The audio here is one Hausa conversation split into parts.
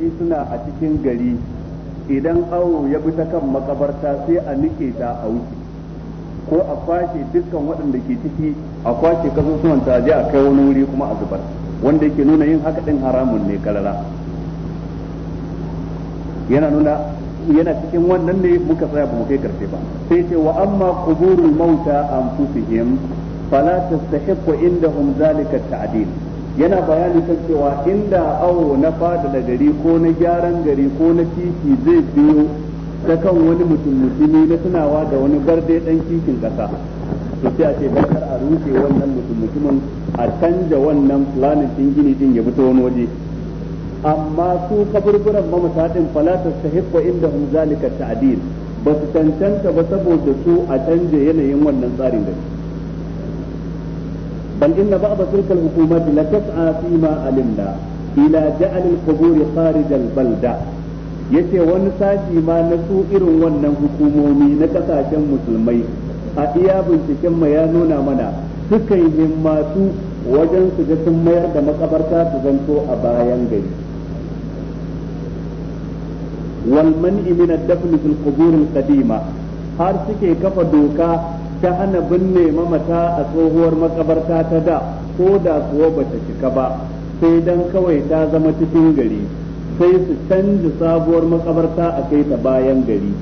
lokaci suna a cikin gari idan awo ya bi ta kan makabarta sai a nike ta a wuce ko a kwashe dukkan waɗanda ke ciki a kwashe kasusuwan ta je a kai wani wuri kuma a zubar wanda yake nuna yin haka din haramun ne karara yana nuna yana cikin wannan ne muka tsaya ba mu kai karfe ba sai ce wa amma quburul mauta anfusihim fala tastahiqu indahum zalika ta'dil yana bayani kan cewa inda awo na fadala gari ko na gyaran gari ko na titi zai biyo ta kan wani mutum mutumi na tunawa da wani barde dan kikin kasa to sai a ce bakar a rufe wannan mutum mutumin a canja wannan planin din gini din ya fito wani waje amma su kaburburan mamata ba falatar ta hibba inda hum zalika ta'dil ba su cancanta ba saboda su a canja yanayin wannan tsarin gari بل إن بعض تلك الحكومات لتسعى فيما علمنا إلى جعل القبور خارج البلدة yace wani sashi ma na su irin wannan hukumomi na kasashen musulmai a iya binciken ma ya nuna mana sukan himmatu wajen su ga sun mayar da makabarta su zanto a bayan gari wal man'i min ad-dafn fil qubur al-qadima har suke kafa doka ta hana binne mamata a tsohuwar makabarta ta da ko da kuwa bata cika ba sai dan kawai ta zama cikin gari sai su canza sabuwar makabarta a kai ta bayan gari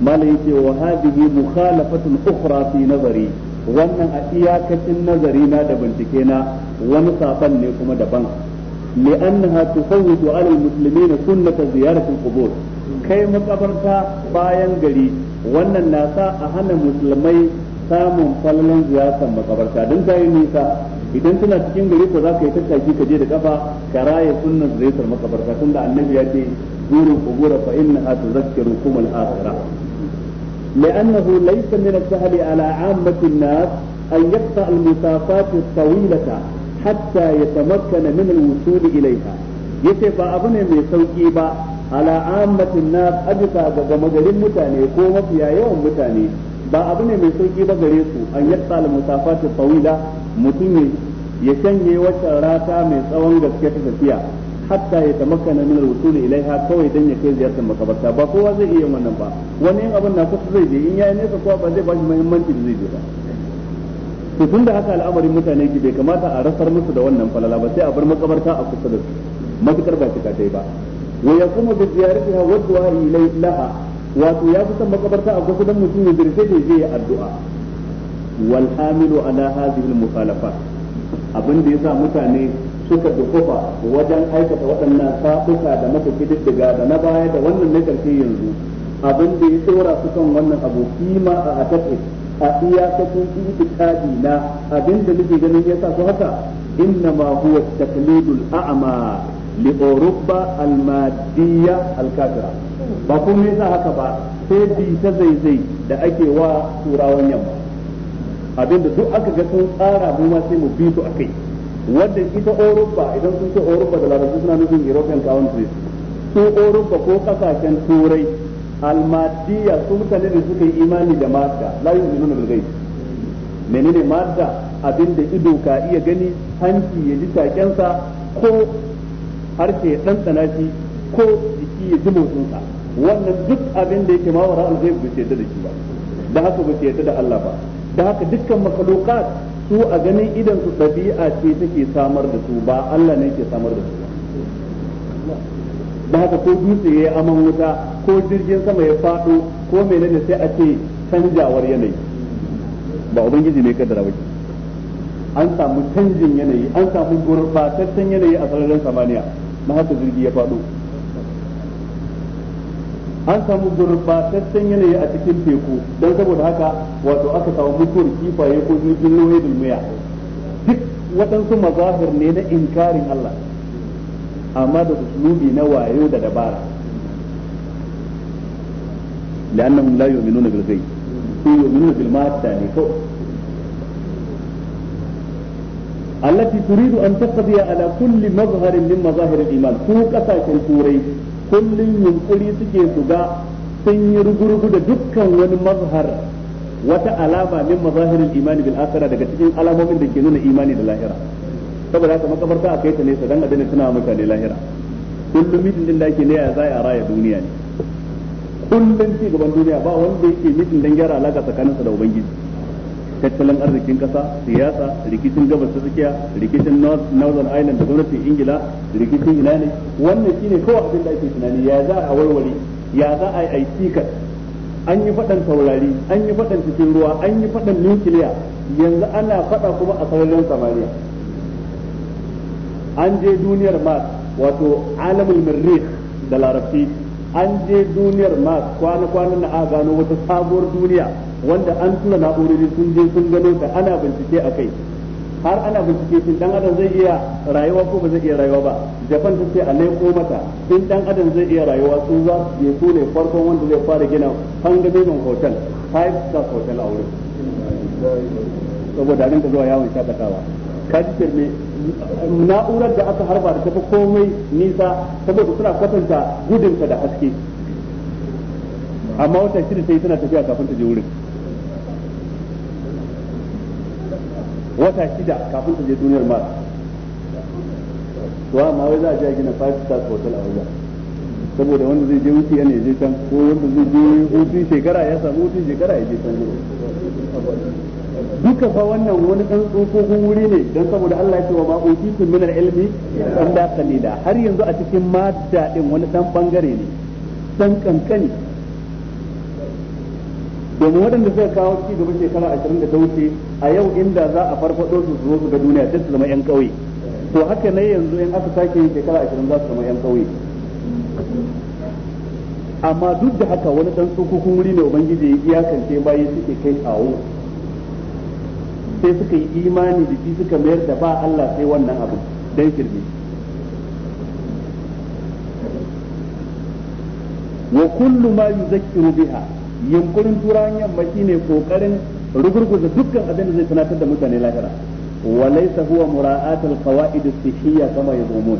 malai ce wa hadihi mukhalafatun ukhra fi nazari wannan a iyakacin nazari na da bincike na wani saban ne kuma daban annaha تفوت musulmi na sunnata زيارة القبور kai makabarta bayan gari wannan na sa a hana musulmai samun falalan ziyartar makabarta don ta yi nisa idan tana cikin gari ko za ka yi tattaki ka je da kafa ka raya sunan ziyartar makabarta tun da annabi ya ce zuru gura fa inna a tuzakkiru kumul akhirah لأنه ليس من السهل على عامة الناس أن يقطع المسافات الطويلة حتى يتمكن من الوصول إليها yace ba abu ne mai sauki ba ala ammatin nas abisa ga gama mutane ko mafiya yawan mutane ba abu ne mai sauki ba gare su an yatta musafa musafati tawila mutum ya shanye wata rata mai tsawon gaske ta tafiya hatta ya na nuna rutu da ilaiha kawai don ya kai ziyartar makabarta ba kowa zai iya wannan ba wani yin abin na kusa zai je in yi nesa kowa ba zai bashi mahimmanci da zai je ba to tun da haka al'amarin mutane ki bai kamata a rasar musu da wannan falala ba sai a bar makabarta a kusa da su matukar ba shi ba wa yaqumu bi ziyaratiha wa du'a ilaiha wato ya fi san makabarta a kusa dan mutum ya zirce da zai addu'a wal hamilu ala hadhihi al mukhalafat abin da yasa mutane suka dukufa wajen aikata waɗannan sabuka da maka kididdiga da na baya da wannan na karshe yanzu abin da ya tsora su kan wannan abu kima a atafi a iyakacin itikadi na abin da nake ganin yasa su haka innama huwa taqlidul a'ma li al-madiyya al-kafira ba komai za haka ba sai bi ta zaizai da ake wa turawan yamma abinda duk aka ga sun tsara mu ma sai mu bi su akai wanda ita Europa idan sun ce Europa da larabci suna nufin European countries su Europa ko kasashen turai almadiya su mutane da suka yi imani da madda la yu'minuna bil ghaib menene madda abinda ido ka iya gani hanci ya ji takensa ko harshe ya ɗanɗana shi ko jiki ya ji motsinsa wannan duk abin da yake mawara al ba su da shi ba da haka ba su yadda da Allah ba da haka dukkan makhluqat su a ganin idan su dabi'a ce take samar da su ba Allah ne yake samar da su da haka ko dutse yayi aman wuta ko jirgin sama ya fado ko menene sai a ce canjawar yanayi ba ubangiji ne kaddara ba an samu canjin yanayi an samu gurbataccen yanayi a sararin samaniya na haka jirgi ya fado an samu gurbatattun yanayi a cikin teku don saboda haka wato aka samu mutuwar kifaye ko jirgin lauyi dulmiya duk waɗansu mazahar ne na inkarin Allah amma da uslubi na wayo da dabara da annan la yu'minu nuna bilgai su yu'minu bil mata ne kawai allati turidu an taqdiya ala kulli mazharin min mazahir al iman su kasashen turai kullum yunkuri suke su ga sun yi rugurugu da dukkan wani mazhar wata alama min mazahirin imani bil akhirah daga cikin alamomin da ke nuna imani da lahira saboda haka makabarta a kai ta nesa dan adana tuna mutane lahira kullum mitin din da ake ne ya zai a raya duniya ne kullum ci gaban duniya ba wanda yake mitin dan gyara alaka tsakaninsa da ubangiji tattalin arzikin kasa siyasa rikicin gabas ta tsakiya rikicin northern island da gwamnatin ingila rikicin ina ne wannan shine kawai abin da ake tunani ya za a warware ya za a yi aiki an yi faɗan taurari an yi faɗan cikin ruwa an yi faɗan nukiliya yanzu ana faɗa kuma a sararin samaniya an je duniyar mars wato alamul mirrikh da larabci an je duniyar mars kwana-kwanan na a gano wata sabuwar duniya wanda an tura na'urori sun je sun gano ta ana bincike a kai har ana bincike shin dan adam zai iya rayuwa ko ba zai iya rayuwa ba japan ta ce a leko mata in dan adam zai iya rayuwa su za su su ne farkon wanda zai fara gina hangamemin hotel five star hotel a wurin saboda nan ka zuwa yawon shakatawa ka ji firme na'urar da aka harba da tafi komai nisa saboda suna kwatanta gudunta da haske amma wata shida sai tana tafiya kafin ta je wurin wata shida kafin ta je duniyar mars to amma wai za a je gina five star hotel a wajen saboda wanda zai je wuce yana je can ko wanda zai je hutun shekara ya samu hutun shekara ya je can duka fa wannan wani dan tsokokin wuri ne dan saboda Allah ya ce wa ma utitu min al-ilmi illa qalila har yanzu a cikin madda din wani dan bangare ne dan kankani domin waɗanda suka kawo ci gaba shekara ashirin da ta wuce a yau inda za a farfaɗo su zuwa su ga duniya sai su zama yan ƙauye to haka na yanzu in aka sake yin shekara ashirin za su zama yan ƙauye amma duk da haka wani ɗan tsokokin wuri ne ubangiji ya iyakance bayi suke kai kawo sai suka yi imani da shi suka mayar da ba Allah sai wannan abu dan kirbi wa kullu ma yuzakkiru biha yunkurin turawan yamma ne kokarin rugurguza dukkan abin da zai tunatar da mutane lahira wa laysa huwa mura'atul qawaid as-sihhiyya kama yazumun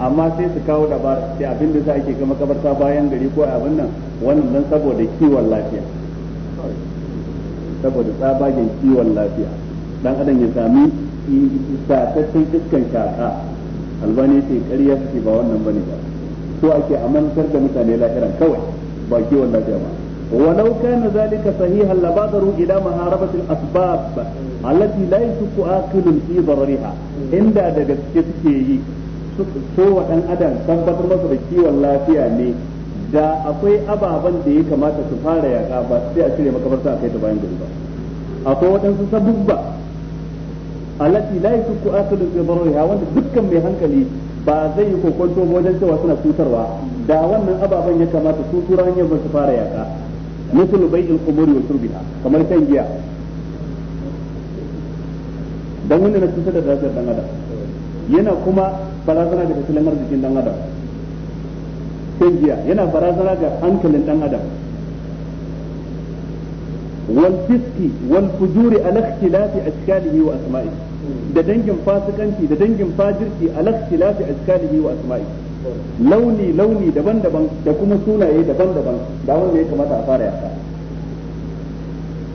amma sai su kawo dabara sai abin da za ake ga makabarta bayan gari ko abin nan wannan dan saboda kiwon lafiya saboda tsabagen kiwon lafiya dan adam ya sami satattun iskan shaka albani sai ƙarya suke ba wannan bane ba so ake amantar da mutane lahiran kawai ba kiwon lafiya ba ولو كان ذلك صحيحا لبادروا الى محاربه الاسباب التي لا يشك عاقل في ضررها عند daga suke yi so wa dan adam tabbatar masa da kiwon lafiya ne da akwai ababan da ya kamata su fara yaka ba sai a cire makabarta a kai ta bayan gari ba akwai waɗansu sabubba alati la yashku aqilu fi darriha wanda dukkan mai hankali ba zai yi kokonto wajen cewa suna cutarwa da wannan ababan ya kamata su turan yamma su fara yaka مثل بيع الخمور وشربها كما كان جاء dan wannan na cutar da lafiyar dan adam yana kuma barazana ga tattalin arzikin dan adam kan jiya yana barazana ga hankalin dan adam wal fiski wal fujuri ala ikhtilafi ashkalihi wa asma'i da dangin fasikanci da dangin fajirci ala ikhtilafi ashkalihi wa asma'i launi launi daban-daban da kuma sunaye daban-daban da wanda ya kamata a fara yaka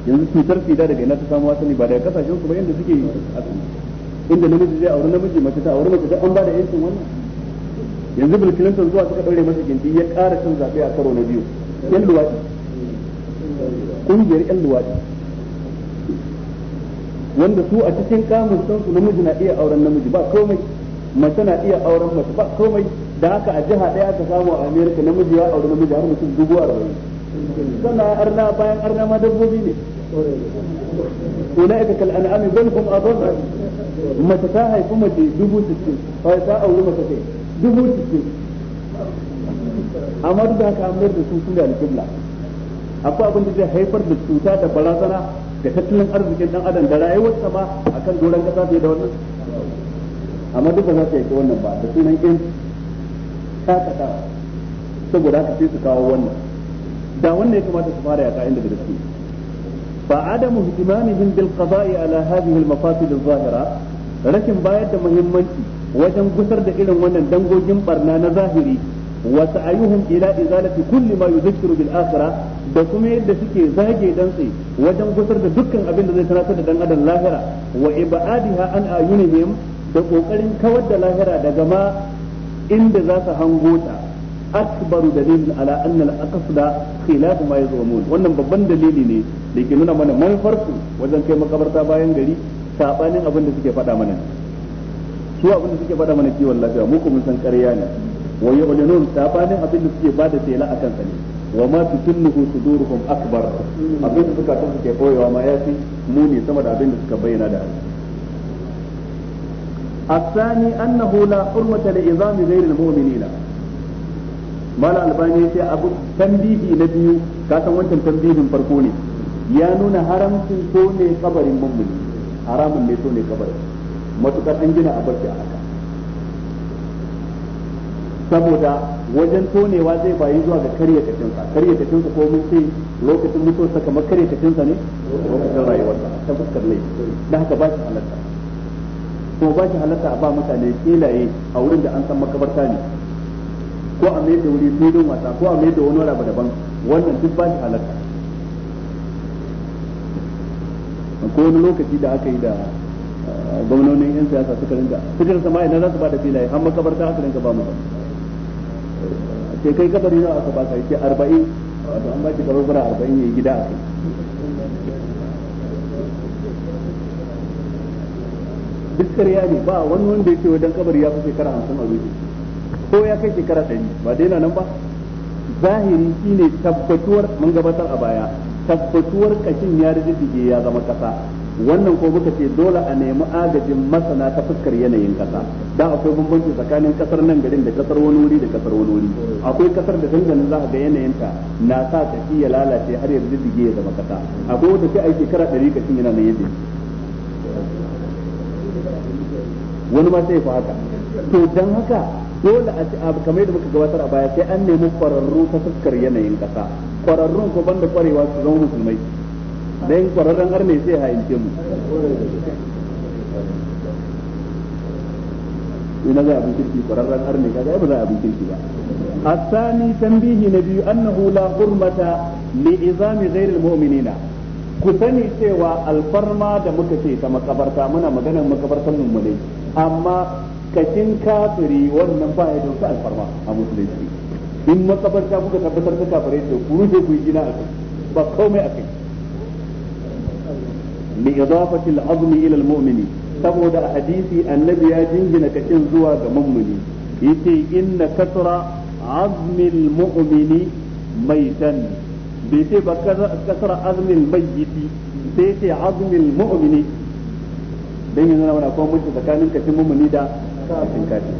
yanzu cutar sida daga ina ta samu ne ba daga kasashen su ba inda suke inda namiji zai auri namiji mace ta auri mace ta an ba da yancin wannan yanzu Bill Clinton zuwa suka daure masa gindi ya ƙara cin zaɓe a karo na biyu yan luwaɗi ƙungiyar yan luwaɗi wanda su a cikin kamun sansu namiji na iya auren namiji ba komai mace na iya auren mace ba komai da haka a jiha ɗaya aka samu a amerika namiji ya auri namiji har mutum dubu arba'in sannan arna bayan arna ma dabbobi ne kal mace ta haifi mace dubu sittin mace kai dubu sittin amma duk da haka an da su sun da alƙibla akwai abin da zai haifar da cuta da barazana da tattalin arzikin dan adam da rayuwarsa ba akan doron kasa fiye da wannan amma duk za ta yi wannan ba da sunan yanci shakatawa saboda haka sai su kawo wannan da wannan ya kamata su fara yaka inda gaske fa adamu ihtimamihim bil qada'i ala hadhihi al mafasid al zahira rashin bayar da muhimmanci wajen gusar da irin wannan dangogin barna na zahiri wa sa'ayuhum ila izalati kulli ma yudhkiru bil akhirah da kuma yadda suke zage dantse wajen gusar da dukkan abin da zai tunatar da dan adam lahira wa ibadiha an ayunihim da kokarin kawar da lahira daga ma inda za ta hango ta akbar dalilin ala anna al-aqsada khilaf ma yazumun wannan babban dalili ne da ke nuna mana mun su wajen kai makabarta bayan gari sabanin abin da suke faɗa mana su abin da suke faɗa mana kiwon lafiya mu kuma san ƙarya ne wa yu'linun sabanin abin da suke bada tela akan kan ne wa ma tukinnuhu suduruhum akbar abin da suka tafi ke koyewa ma yafi muni sama da abin da suka bayyana da الثاني أنه لا حرمة لعظام غير المؤمنين mala albani yace abu tambihi na biyu ka san wancan tambihin farko ne ya nuna haramcin ko ne kabarin mummuni haramun ne so أحكا kabarin saboda wajen tonewa zai bayi zuwa ga karya kacinsa karya kacinsa ko mun sai lokacin mutuwarsa kamar karya kacinsa ne lokacin rayuwarsa ta fuskar laifi da haka ba shi halatta ko ba shi halatta a ba mutane filaye a wurin da an san makabarta ne ko a mai da wuri filin wasa ko a mai da wani raba daban wannan duk ba shi halatta ko wani lokaci da aka yi da uh, gwamnonin yan siyasa suka rinka fitar sama idan za su ba da filaye har makabarta aka rinka ba mutane eh, sai kai kabari na aka ba ka yake arba'in wato an ba ki karo bura arba'in ya yi gida a kai duk ƙarya ne ba wani wanda yake wajen kabari ya fi shekara hamsin a zuci ko ya kai shekara ɗari ba dai nan ba zahiri shine tabbatuwar mun gabatar a baya tabbatuwar kashin ya rijistige ya zama kasa wannan ko muka ce dole a nemi agajin masana ta fuskar yanayin kasa da akwai bambanci tsakanin kasar nan garin da kasar wani wuri da kasar wani wuri akwai kasar da dangane za a ga yanayinta na sa kashi ya lalace har yanzu rijistige ya zama kasa akwai wata ce ai shekara ɗari kashin yana nan yadda wani ma sai fa haka to dan haka dole a kamar da muka gabatar a baya sai an nemi kwararru ta fuskar yanayin kasa kwararrun ko banda kwarewa su zama musulmai dan kwararren har ne sai haince mu ina zai abin kirki kwararren har ne kaga ba za abin kirki ba الثاني تنبيه annahu la hurmata li izami ghairil muminina. ku sani cewa alfarma da muka ce ta makabarta muna maganar makabartar mummune amma kashin kafiri wannan ba ya dauki alfarma a musulunci in makabarta kuka tabbatar ta kafirai ce ku rufe ku gina a kai ba komai a kai li idafati al-azmi ila al-mu'mini saboda hadisi annabi ya jingina kashin zuwa ga mummuni yace inna kasra azmi al-mu'mini maitan bai ce ba kasar mai bayyiti sai ce azmin mu'mini dan yanzu na wani kuma mutu tsakanin kashin mu'mini da kashin kafir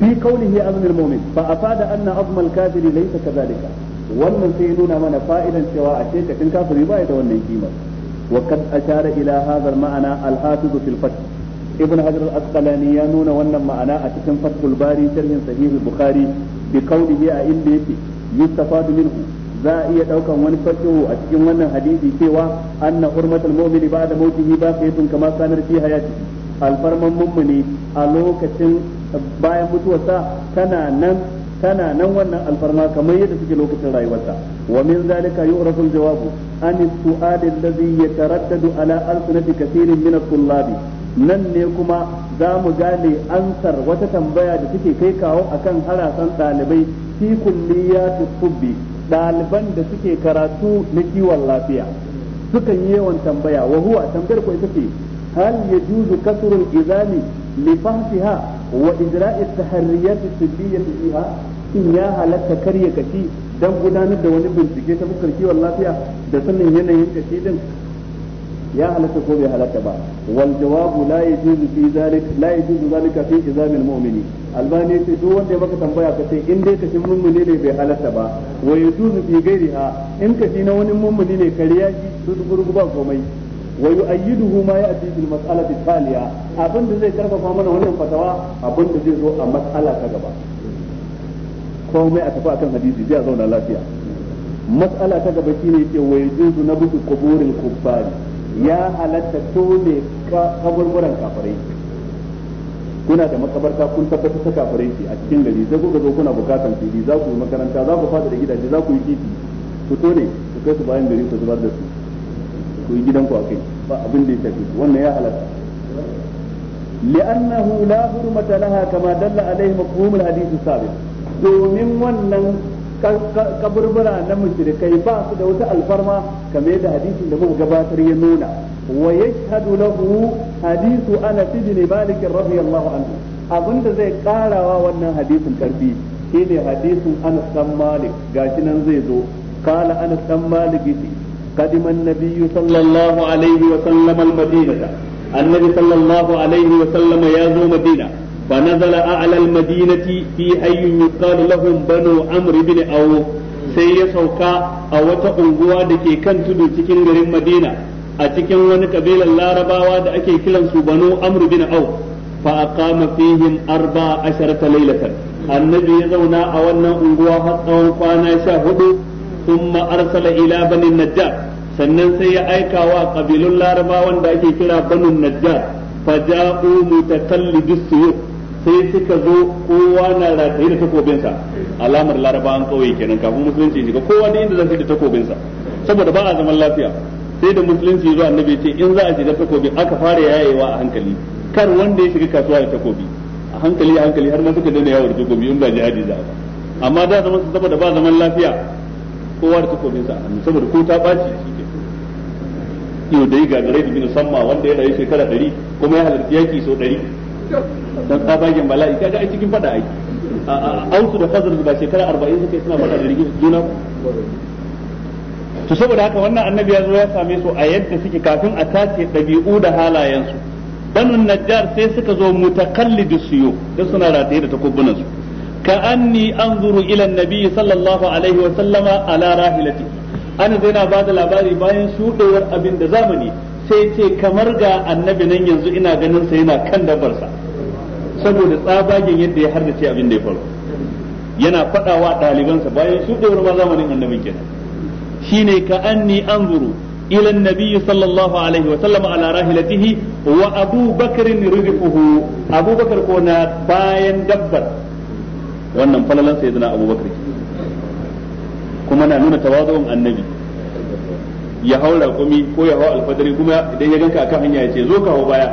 fi kaulihi azmin mu'min fa afada anna azmal kafiri laysa kadhalika wannan sai nuna mana fa'idan cewa a ce kashin kafiri ba da wannan kima. wa kad ashara ila hadha maana al-hafiz fil fath ibn hajar al-asqalani ya nuna wannan ma'ana a cikin fathul bari sharhin sahih al-bukhari bi kaulihi a inda yake yustafadu minhu za a iya daukan wani fatihu a cikin wannan hadisi cewa anna hurmatul mu'mini ba'da mautihi baqiyatun kama sanar fi hayati alfarman mummuni a lokacin bayan mutuwarsa tana nan tana nan wannan alfarma kamar yadda suke lokacin rayuwarsa wa min zalika yu'rafu al-jawabu an as-su'al alladhi yataraddadu ala alsinati kathirin min at-tullabi nan ne kuma za mu gane ansar wata tambaya da suke kai kawo akan harasan ɗalibai fi ya tubbi ɗaliban da suke karatu na kiwon lafiya sukan yi yawan tambaya wa huwa tambayar ko ita ce hal yajuzu kasrul izami li fahsiha wa idra'i taharriyat tibbiyya fiha in ya halatta karya kashi dan gudanar da wani bincike ta fuskar kiwon lafiya da sanin yanayin kashi din ya halatta ko bai halatta ba wal jawabu la yajuzu fi zalik la yajuzu zalika fi izamil mu'mini albani ce duk wanda ya maka tambaya ka ce in dai shi mummuni ne bai halatta ba wa yajuzu fi ghairiha in kashi na wani mummuni ne kariya shi rugurugu ba komai wa yu'ayyiduhu ma ya'ti fil mas'alati taliya abinda zai karfafa mana wannan fatawa abinda zai zo a mas'ala ta gaba komai a tafi akan hadisi zai zauna lafiya mas'ala ta gaba shine ce wa na nabu quburil kuffari ya halatta tone kaburburan kafirai kuna da makabarta kun tabbata ta kafirai ce a cikin gari sai kuka zo kuna bukatan fili za ku yi makaranta za ku fada da gidaje za ku yi titi ku tone ku kai su bayan gari ku zubar da su ku yi gidan ku a kai ba abin da ya shafi wannan ya halatta لأنه لا حرمة لها كما دل عليه مفهوم الحديث السابق domin wannan kaburbura na mushrikai ba su da wata alfarma kamar yadda hadisin da muka gabatar ya nuna wa yashhadu lahu hadisu anas ibn malik radiyallahu anhu abinda zai karawa wannan hadisin karfi shine hadisin anas dan malik gashi nan zai zo malik انس بن مالك قدم النبي صلى الله عليه madinata annabi sallallahu alaihi wa عليه ya zo madina. فنزل أعلى المدينة في أي يقال لهم بنو عمرو بن أوف sai ya sauka a wata unguwa da ke kan tudu cikin garin Madina a cikin wani kabilar Larabawa da ake kiransu banu Amr bin Auf fa aqama fihim arba asharata laylatan annabi ya zauna a wannan unguwa har tsawon kwana sha hudu thumma arsala ila bani najjar sannan sai ya aika wa kabilun Larabawan da ake kira banin najjar fa ja'u mutakallidus suyuf sai suka zo kowa na rataye da takobinsa alamar larabawan kauye kenan kafin musulunci shiga kowa da inda zai da takobinsa saboda ba a zaman lafiya sai da musulunci zuwa annabi ce in za a shiga takobi aka fara yayewa a hankali kar wanda ya shiga kasuwa da takobi a hankali a hankali har ma suka daina da takobi in ba jihadi za ba amma da zaman saboda ba zaman lafiya kowa da takobinsa a hannu saboda ko ta baci shi ke yau da yi gagarai da bin samma wanda ya rayu shekara 100 kuma ya halarci yaki sau ɗari don tsabagen bala'i kaga ga cikin fada ai ausu da fazar ba shekara 40 suka yi suna fada da rigin juna to saboda haka wannan annabi ya zo ya same su a yadda suke kafin a tace dabi'u da halayensu banu najjar sai suka zo mutakallidu suyo da suna rataye da takubbunan su ka'anni anzuru ila annabi sallallahu alaihi wa sallama ala rahilati ana zaina ba da labari bayan shudewar abin da zamani sai ce kamar ga annabi nan yanzu ina ganin sa yana kan dabarsa saboda tsabagen yadda ya hardace abin da ya faru yana faɗawa ɗalibansa bayan shuɗewar ma zamanin annabi kenan shine ka anni anzuru ila annabi sallallahu alaihi wa sallam ala rahilatihi wa abu bakr ridquhu abu bakr ko na bayan dabbar wannan falalan sayyidina abu bakr kuma na nuna tawazu'un annabi ya haura komi ko ya hawa alfadari kuma idan ya ganka akan hanya ya ce zo ka hawo baya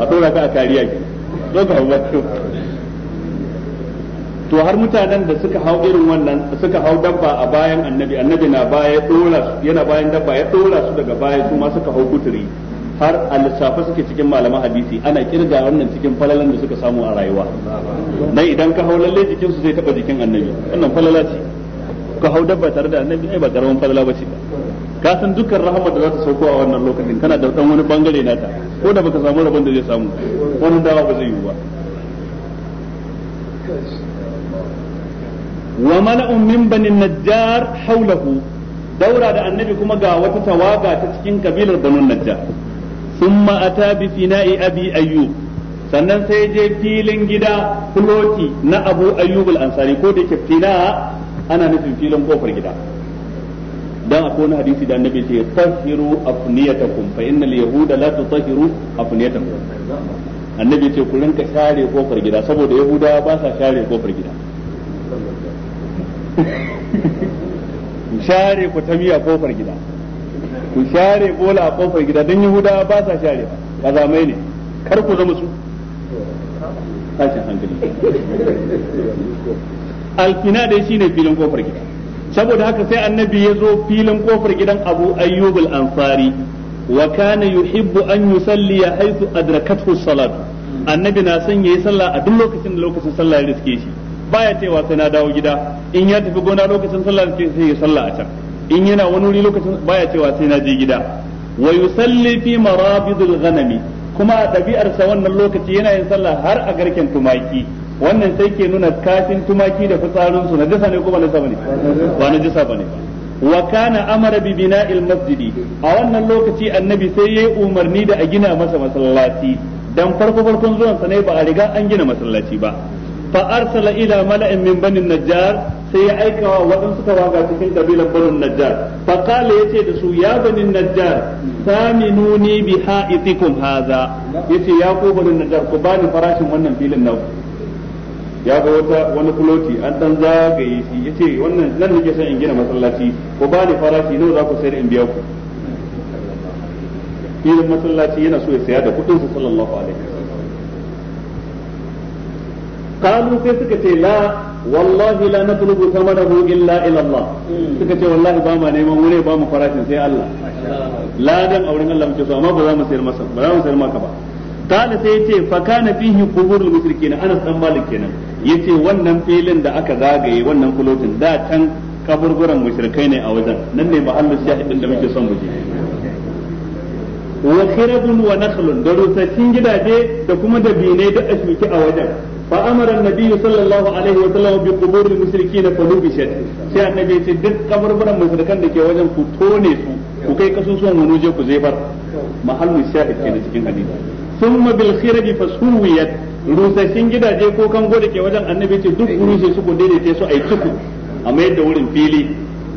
a ɗora ka a kariya ki don ka hau to har mutanen da suka hau irin wannan suka hau dabba a bayan annabi annabi na baya ɗora su yana bayan dabba ya ɗora su daga baya su ma suka hau kuturi har a lissafa suke cikin malaman hadisi ana kirga wannan cikin falalan da suka samu a rayuwa dan idan ka hau lalle jikinsu zai taba jikin annabi wannan falala ce ka hau dabba tare da annabi ai ba karamin falala ba ce ba ka san dukkan rahama da za ta sauko a wannan lokacin kana da dan wani bangare nata ko da baka samu rabon da zai samu wannan dawa ba zai yi ba wa mala'un min bani najjar haulahu daura da annabi kuma ga wata tawaga ta cikin kabilar banu najjar thumma ata bi fina'i abi ayyub sannan sai je filin gida fuloti na abu ayyub al-ansari ko da ke fina ana nufin filin kofar gida dan akwai wani hadisi da annabi ce tahiru afniyatakum fa innal yahuda la tutahiru afniyatakum annabi ce ku rinka share kofar gida saboda yahuda ba sa share kofar gida ku share ku tamiya kofar gida ku share bola a kofar gida dan yahuda ba sa share ba mai ne kar ku zama su tashin hankali alfina dai shine filin kofar gida saboda haka sai annabi ya zo filin kofar gidan abu ayyub al-ansari wa kana yuhibbu an yusalli haythu adrakathu salatu annabi na son yayi sallah a duk lokacin da lokacin sallah ya riske shi baya cewa sai na dawo gida in ya tafi gona lokacin sallah sai ya sallah a can in yana wani wuri lokacin baya cewa sai na je gida wa yusalli fi marabidil ghanami kuma a sa wannan lokaci yana yin sallah har a garken tumaki wannan sai ke nuna kafin tumaki da fitsarin su najasa ne ko ba najasa bane ba najasa bane wa kana amara bi bina'il masjidi a wannan lokaci annabi sai yayi umarni da a gina masa masallaci dan farko farkon zuwan sa ne ba a riga an gina masallaci ba fa arsala ila mala'in min bani najjar sai ya aika wa waɗansu tawaga cikin kabilan banin najjar fa kala yace da su ya banin najjar saminuni bi ha'itikum haza yace ya ko banin najjar ku bani farashin wannan filin naku ya ga wata wani fuloti an dan zagaye shi ce wannan nan ke son in gina masallaci ko ba ni farashi nawa za ku sayar in biya ku irin masallaci yana so ya saya da kudin sa sallallahu alaihi kalu sai suka ce la wallahi la natlubu thamanahu illa ila Allah suka ce wallahi ba ma neman wure ba mu farashin sai Allah dan auren Allah muke so amma ba za mu sayar masa ba za mu sayar maka ba ce fa kana fihi quburul المشركين anas dan malik kenan yace wannan filin da aka zagaye wannan kulotin da can kaburburan mushrikai ne a wajen nan ne mahallu shahidin da muke son muje wa khirabun wa nakhlun da rusassun gidaje da kuma da duk da shuki a wajen fa amara annabi sallallahu alaihi wa sallam bi quburil mushrikeen fa nubishat sai annabi ya ce duk kaburburan mushrikan da ke wajen ku tone su ku kai kasusuwan wani je ku zefar mahallu shahid ke cikin hadisi thumma bil khirabi fasuwiyat rusassun gidaje ko kango da ke wajen annabi ce duk rusa su ko daidaita su a yi tuku a mayar da wurin fili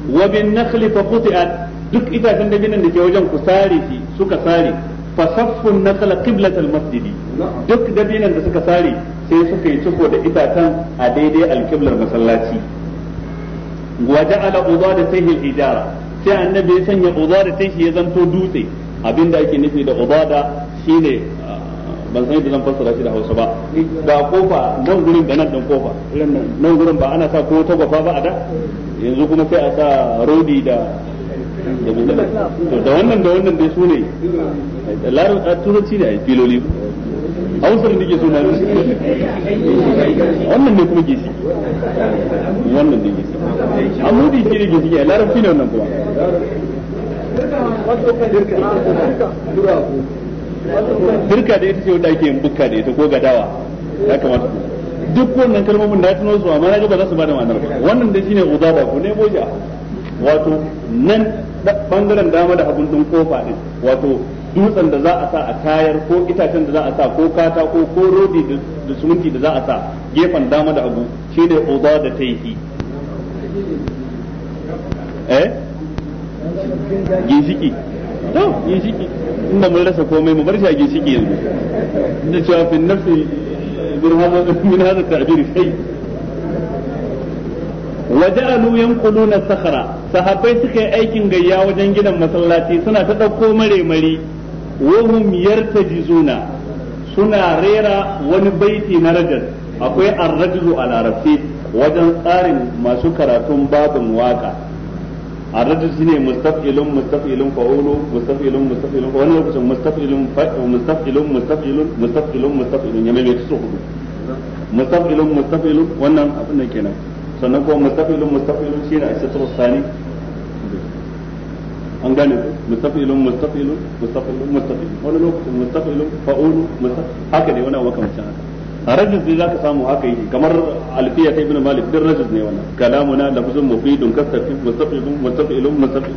wa bin nakhli fa a duk itacen da dabinan da ke wajen ku sare shi suka sare fa saffun nakhla qiblat al masjidi duk da dabinan da suka sare sai suka yi tuku da itacen a daidai alkiblar masallaci wa ja'ala udadatihi al hijara sai annabi ya sanya udadatihi ya zanto dutse abinda ake nufi da da shine ban san yadda zan fassara shi da Hausa ba ga kofa nan gurin da nan dan kofa nan gurin ba ana sa ko ta gwafa ba a da yanzu kuma sai a sa rodi da da wannan da wannan dai su ne a turanci ne a filoli hausar da ke suna wannan ne kuma ke shi wannan ne ke shi amudi shi ne ke shi larabci ne wannan kuma turka da ita ce wanda ake yin bukka da ita ko gadawa ya kamata duk wannan kalmomin ya tuno su amma na ba za su bada ma'anar wannan da shine uzaba ko ne boja wato nan bangaren dama da hagun din kofa din wato dutsen da za a sa a tayar ko itacen da za a sa ko katako ko rodi da suminti da za a sa gefen dama da hagu shine uza da taihi eh ginshiki to yi shiki inda mun rasa komai mu bar shi a ginshiki yanzu da cewa fi min hada sai waja'alu yanquluna sakhara sahabbai suka yi aikin gayya wajen gidan masallaci suna ta dauko mare mari wahum yartajizuna suna rera wani baiti na rajul akwai arrajulu a rafi wajen tsarin masu karatun babin waka الرجل شنو مستفعل مستفعل فعول مستفعل مستفعل فعول لوكاشن مستفعل مستفعل مستفعل مستفعل مستفعل ya mai su hudu mustafilun mustafilun wannan abin nan kenan sannan kuma mustafilun mustafilun shine ashatrus sani an gane mustafilun mustafilun mustafilun mustafilun wani lokacin mustafilun fa'ulu haka rajis rajuz za ka samu haka yi kamar alfiya ta ibn malik din rajis ne wannan kalamuna lafzun mufidun kastafi mustafidun mustafilun mustafil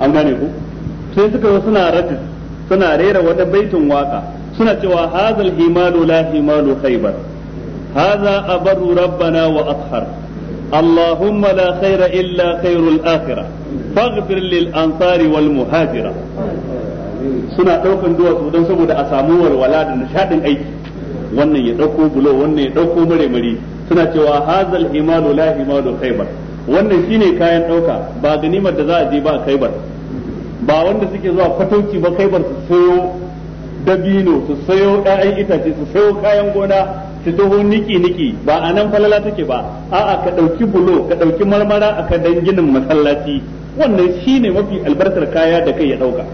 an gane ku sai suka zo suna rajis suna rera wata baitin waka suna cewa hazal himalu la himalu khaybar hadha abaru rabbana wa athhar اللهم لا خير إلا خير الآخرة فاغفر wal muhajira. suna ɗaukan duwatsu don saboda a samu walwala da nishaɗin aiki wannan ya ɗauko bulo wannan ya dauko maremari suna cewa hazal himalu la himalu khaybar wannan shine kayan ɗauka ba ganimar da za a je ba kaibar ba wanda suke zuwa fatauci ba kaibar su sayo dabino su sayo ƴaƴan itace su sayo kayan gona su taho niki niki ba a nan falala take ba a'a ka ɗauki bulo ka ɗauki marmara aka danginin masallaci wannan shine mafi albarkar kaya da kai ya ɗauka.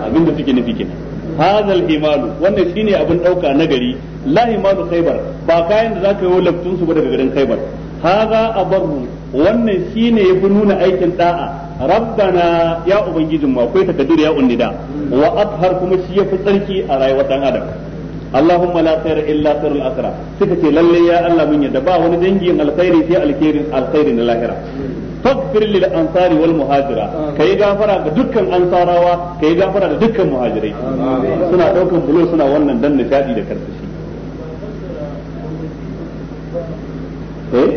abin da suke nufi kenan hazal himalu wannan shine abin dauka nagari la himalu khaybar ba kayan da zaka yi laftun su ba daga garin khaybar haza abarru wannan shine yafi nuna aikin da'a rabbana ya ubangijin mu akwai takaddur ya unnida wa athhar kuma shi yafi tsarki a rayuwar dan adam اللهم لا خير الا خير الاخره suka ce lalle ya Allah mun yadda ba wani dangin alkhairi sai alkhairin alkhairin lahira faghfir lil ansari wal muhajira kai gafara ga dukkan ansarawa kai gafara da dukkan muhajirai suna daukan bulo suna wannan dan nishadi da karsashi eh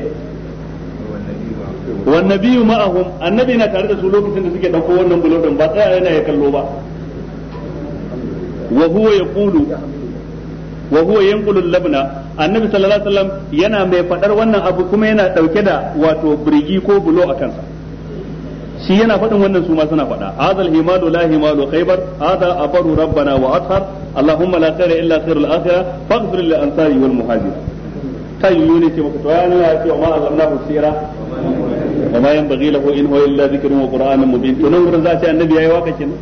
wan nabiyyu ma'ahum annabi na tare da su lokacin da suke dauko wannan bulo din ba tsaya yana ya kallo ba wa huwa yaqulu wa huwa yanqulu labna annabi sallallahu alaihi wasallam yana mai fadar wannan abu kuma yana dauke da wato birgi ko bulo a kansa shi yana faɗin wannan su ma suna fada. hadal himalu la himalu khaybar hada abaru rabbana wa athar allahumma la khayra illa khayrul akhirah faghfir lil ansari wal muhajir kan yiwu ne ce maka to ya nuna ya ce wa ma azamnahu sira wa ma yanbaghi lahu in huwa illa dhikrun wa qur'anun mubin to nan gurin za a ce annabi yayi waka kenan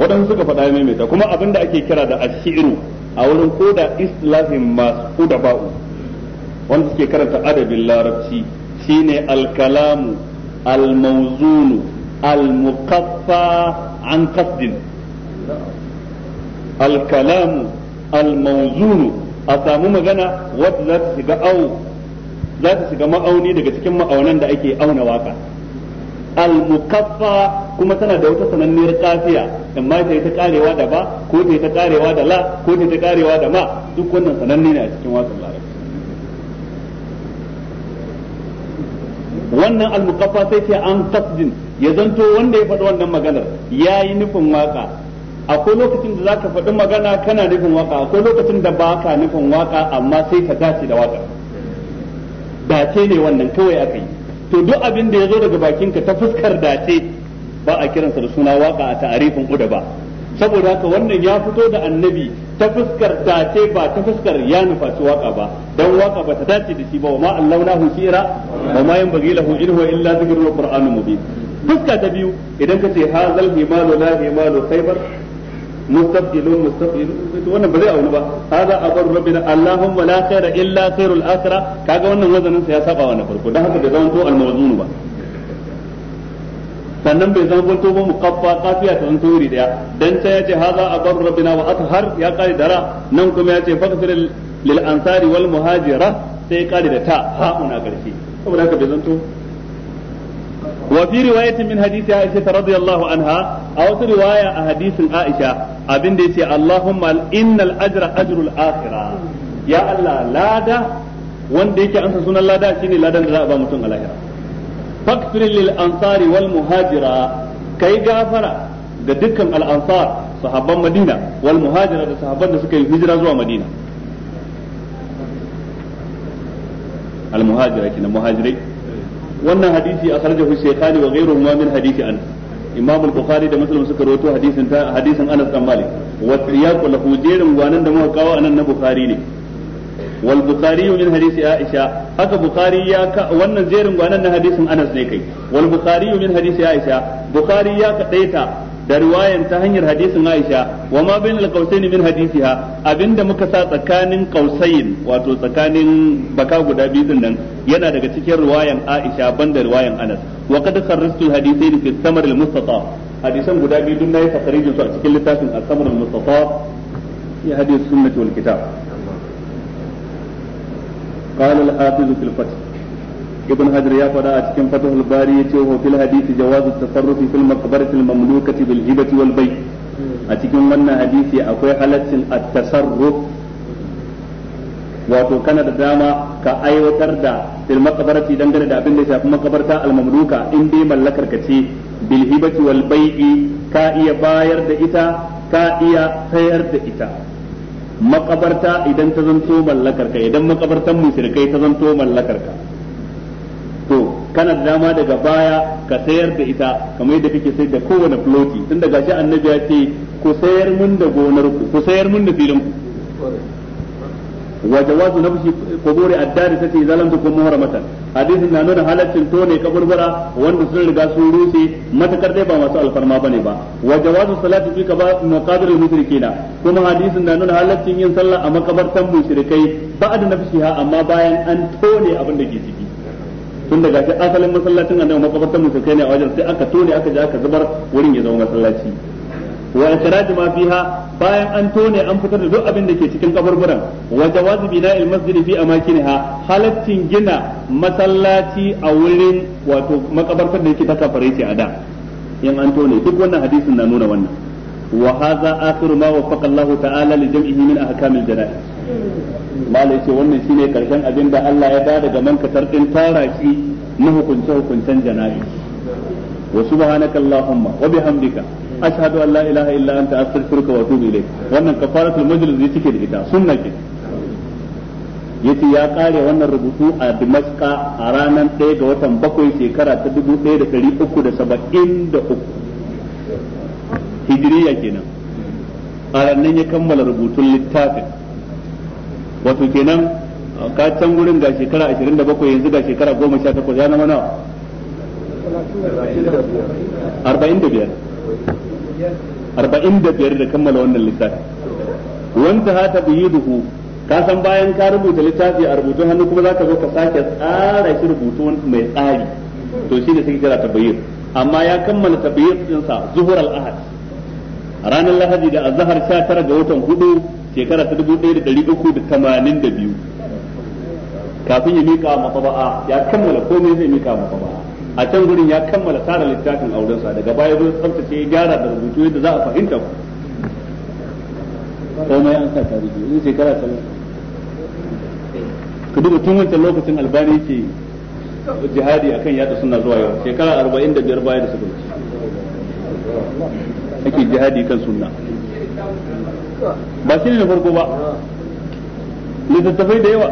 waɗansu suka faɗa maimaita kuma abin da ake kira da ashiru a wurin koda islahin masu ba'u wanda suke karanta adabin larabci shine alkalamu almauzunu almukaffa an kasdin alkalamu almauzunu a samu magana wadda za ta za ta shiga ma'auni daga cikin ma'aunan da ake auna waka al kuma tana da wata sananniyar kafiya amma sai ta karewa da ba ko ta ta karewa da la ko ta ta karewa da ma duk wannan sananni ne a cikin wasan larabci wannan al-mukaffa sai ce an tasdin ya zanto wanda ya faɗi wannan maganar yayi nufin waka akwai lokacin da zaka faɗi magana kana nufin waka akwai lokacin da ba ka nufin waka amma sai ka dace da waka dace ne wannan kawai aka yi to duk abin da ya zo daga bakinka ta fuskar dace ba a kiransa da suna waka a ta'arifin uda ba saboda haka wannan ya fito da annabi ta fuskar dace ba ta fuskar ya nufaci waka ba dan waka ba ta dace da shi ba wa ma allahu shi'ra wa ma yanbaghi lahu in huwa illa dhikrul qur'anul mubin fuska ta biyu idan ka ce hazal himalu la himalu khaybar mustabdilun mustabdilun wannan ba zai auni ba hada abar rabbina allahumma la khaira illa khairul akhirah kaga wannan wazanin sa ya saba wa na farko dan haka bai zama to al mawzun ba sannan bai zama to ba muqaffa qafiya ta zanto wuri daya dan sai ya ce hada abar rabbina wa athhar ya kai dara nan kuma ya ce faghfir lil ansari wal muhajira sai ya kai da ta ha'una karshe saboda haka bai zanto وفي رواية من حديث عائشة رضي الله عنها أو رواية حديث عائشة أبن ديسي اللهم إن الأجر أجر الآخرة يا الله لا دا وان ديكي أنسى سنة لا دا شيني لا دا نزاء بامتون الآخرة فاكفر للأنصار والمهاجرة كي غافرة ga dukkan al'ansar sahabban madina wal muhajira da sahabban da suka yi hijira zuwa madina al muhajira kina muhajirai wannan hadisi akhrajahu shaykhani wa ghayruhuma min hadisi an imam al-bukhari da muslim suka rawaito hadisin ta hadisin Anas bin Malik wa tiyaqu lahu jerin gwanan da muka kawo anan na bukhari ne wal bukhari min hadisi aisha haka bukhari ya ka wannan jerin gwanan na hadisin Anas ne kai wal bukhari min hadisi aisha bukhari ya kadaita da riwayan ta hanyar hadisin aisha wa ma bain al qausaini min hadisiha abinda muka sa tsakanin qausain wato tsakanin baka guda biyu din nan yana daga cikin riwayan Aisha banda riwayan Anas wa qad kharrajtu al hadisaini fi samar al mustata hadisan guda biyu dun nayi takharijin su a cikin littafin al samar ya hadis sunnati wal kitab قال الحافظ في الفتح ابن حجر يا فدا cikin فتح الباري yace wa fil hadisi jawazu tasarrufi fil maqbarati al a cikin wannan hadisi akwai halaccin at-tasarruf wato kana da dama ka aiwatar da fil maqbarati dangane da abin da shafi makabarta al-mamluka in dai mallakar ka ce bil hibati wal bai'i ka iya bayar da ita ka iya sayar da ita makabarta idan ta zanto mallakar ka idan makabartan mushrikai ta zanto mallakar ka kana da dama daga baya ka sayar da ita kamar yadda kake sayar da kowane floti tun daga shi annabi ya ce ku sayar mun da gonar ku ku sayar mun da filin ku a jawazu sace zalan addari kuma zalantukum mata hadisin na nuna halaccin tone kaburbura wanda sun riga sun rushe matakar dai ba masu alfarma bane ba wajen wasu salatu fi kaba maqadir na kuma hadisin na nuna halaccin yin sallah a makabartan mushrikai fushi ha amma bayan an tone abin da ke ciki tun daga shi asalin masallacin annabi makabartan kai ne a wajen sai aka tone aka je aka zubar wurin ya zama masallaci wa ikhraj ma fiha bayan an tone an fitar da duk abin da ke cikin kaburburan wa jawazi bina al masjid fi amakiniha halaccin gina masallaci a wurin wato makabartar da yake ta kafare ce a da in an tone duk wannan hadisin na nuna wannan wa hadha akhiru ma wafaqa Allah ta'ala li jam'ihi min ahkamil janaiz malai ce wannan shine karshen abin da Allah ya bada daga man katar din fara shi na hukunce hukuncen jana'i wa subhanaka allahumma wa bihamdika ashhadu an la ilaha illa anta astaghfiruka wa atubu ilayk wannan kafaratul majlis ne take da ita sunna ce yace ya kare wannan rubutu a Damascus a ranar 1 ga watan 7 shekara ta 1373 hijriya kenan a ranar ya kammala rubutun littafin wato kenan ka can gurin ga shekara 27 yanzu ga shekara 18 ya zama nawa 45 45 da kammala wannan littafi wanda ha ta duhu ka san bayan ka rubuta littafi a rubutun hannu kuma zaka zo ka sake tsara shi rubutu mai tsari to ne sai kira tabayyir amma ya kammala tabayyir din sa zuhur al ahad ranar lahadi da azhar 19 ga watan hudu shekara ta dubu ɗaya da ɗari uku da tamanin da biyu kafin ya miƙa ba'a ya kammala komai zai miƙa ba'a a can gurin ya kammala tara littafin aurensa daga baya zo tsaftace ya gyara da rubutu yadda za a fahimta ku komai an sa tarihi in shekara ta ka duba tun wancan lokacin albani ke jihadi akan yada suna zuwa yau shekara arba'in da biyar baya da suka wuce ake jihadi kan sunna ba shi ne na farko ba littattafai da yawa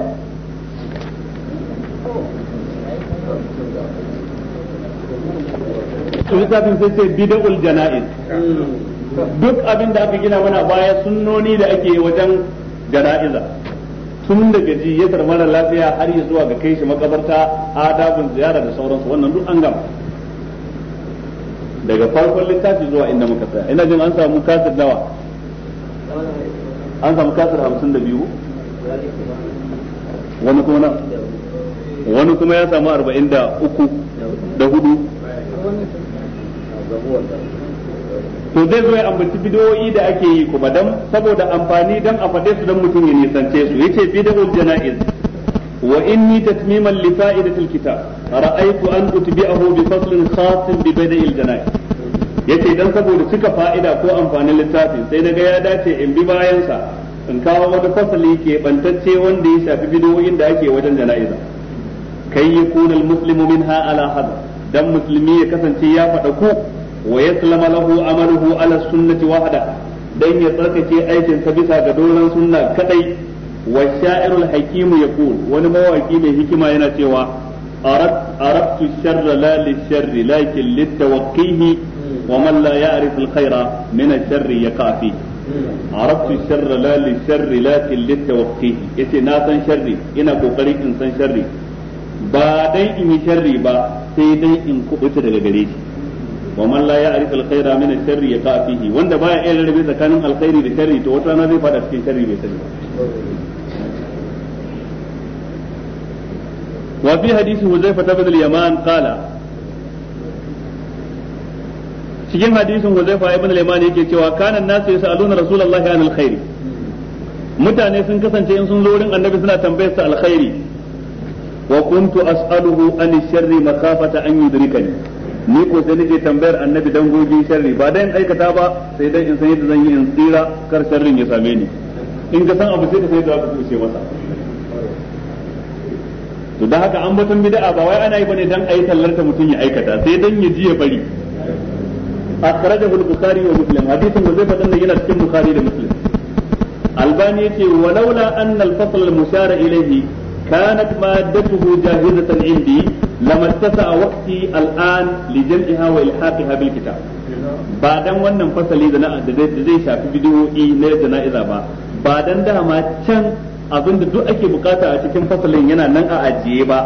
littafin sai sai bida'ul jana'iz duk abin da aka gina mana baya sunnoni da ake wajen jana'iza tun daga ya mara lafiya har yi zuwa ga kai shi makabarta adabun ziyara da sauransu wannan duk an gama daga farkon littafi zuwa inda muka tsaya ina jin an samu kasir nawa an samu kasir hamsin da biyu wani kuma na wani kuma ya samu arba'in da uku da hudu to zai zo ya ambaci da ake yi kuma dan saboda amfani dan a faɗe su dan mutum ya nisance su ce bid'ul janaiz wa inni tatmiman li kitab ra'aytu an utbi'ahu bi faslin khasin bi janaiz yace dan saboda cika fa'ida ko amfanin littafi sai ga ya dace in bi bayansa in kawo wani fasali ke bantacce wanda ya shafi bidiyoyin da ake wajen jana'iza kai yakuna almuslimu minha ala hada dan musulmi ya kasance ya faɗa ku wa yaslama lahu amaluhu ala sunnati wahada dan ya tsarkake aikin sa bisa ga doran sunna kadai wa sha'irul ya yaqul wani mawaki mai hikima yana cewa أردت الشر لا للشر لكن للتوقيه ومن لا يعرف الخير من الشر يقع فيه عرفت الشر لا للشر لكن للتوقيه yace na san sharri ina kokari in san sharri ba dai in yi sharri ba sai dai in kubuta daga gare shi wa man la ya'rif iya rarrabe tsakanin alkhairi da sharri to zai hadisi cikin hadisin Huzaifa ibn Limani yake cewa kana nasu yasaluna rasulullahi anil khairi mutane sun kasance in sun zo wurin annabi suna tambayar sa alkhairi wa kuntu as'aluhu an sharri makhafata an yudrikani ni ko sai nake tambayar annabi dan goge sharri ba dan aikata ba sai dan in san yadda zan yi in tsira kar sharrin ya same ni in ka san abu sai ka sai da ka tushe masa to da haka an batun bid'a ba wai ana yi bane dan ayi tallarta mutum ya aikata sai dan ya ji ya bari akhrajahu al-bukhari wa muslim hadisin da zai fadan nan yana cikin bukhari da muslim albani yace walaula anna al-fasl al-mushara ilayhi kanat maddatuhu jahizatan indi lama tasa'a waqti al-an li jam'iha wa ilhaqiha bil kitab ba dan wannan fasali da zai shafi bidiyoyi na jana'iza ba ba dan ma can abinda duk ake bukata a cikin fasalin yana nan a ajiye ba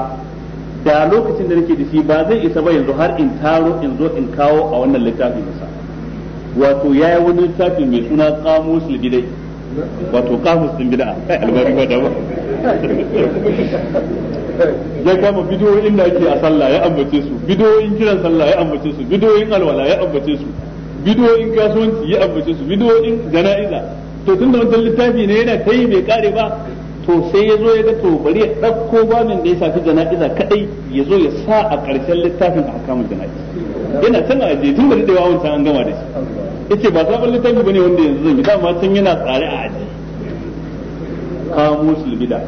da lokacin da nake da shi ba zai isa ba yanzu har in taro in zo in kawo a wannan littafin nasa wato yi wani littafi mai suna qamus bidai wato kamus din bid'a kai albari ba da ba ya kama bidiyoyin da ake a sallah ya ambace su bidiyoyin kiran sallah ya ambace su bidiyoyin alwala ya ambace su bidiyoyin kasuwanci ya ambace su bidiyoyin jana'iza to tunda wannan littafi ne yana yi bai kare ba to sai ya zo ya ga to bari ya ɗauko babin da ya shafi jana'iza kadai ya zo ya sa a ƙarshen littafin a hakamun jana'iza yana can a ajiye tun bari da yawa wancan an gama da shi yace ba sabon littafi bane wanda yanzu zan yi dama can yana tsare a aji kamus libida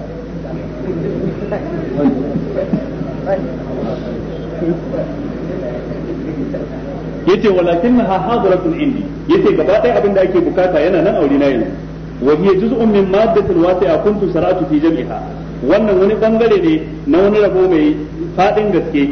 yace walakin ha hadaratun indi yace gaba ɗaya abin da ake bukata yana nan aure na yanzu wa hiya juz'un min kuntu sharatu wannan wani bangare ne na wani rabo mai fadin gaske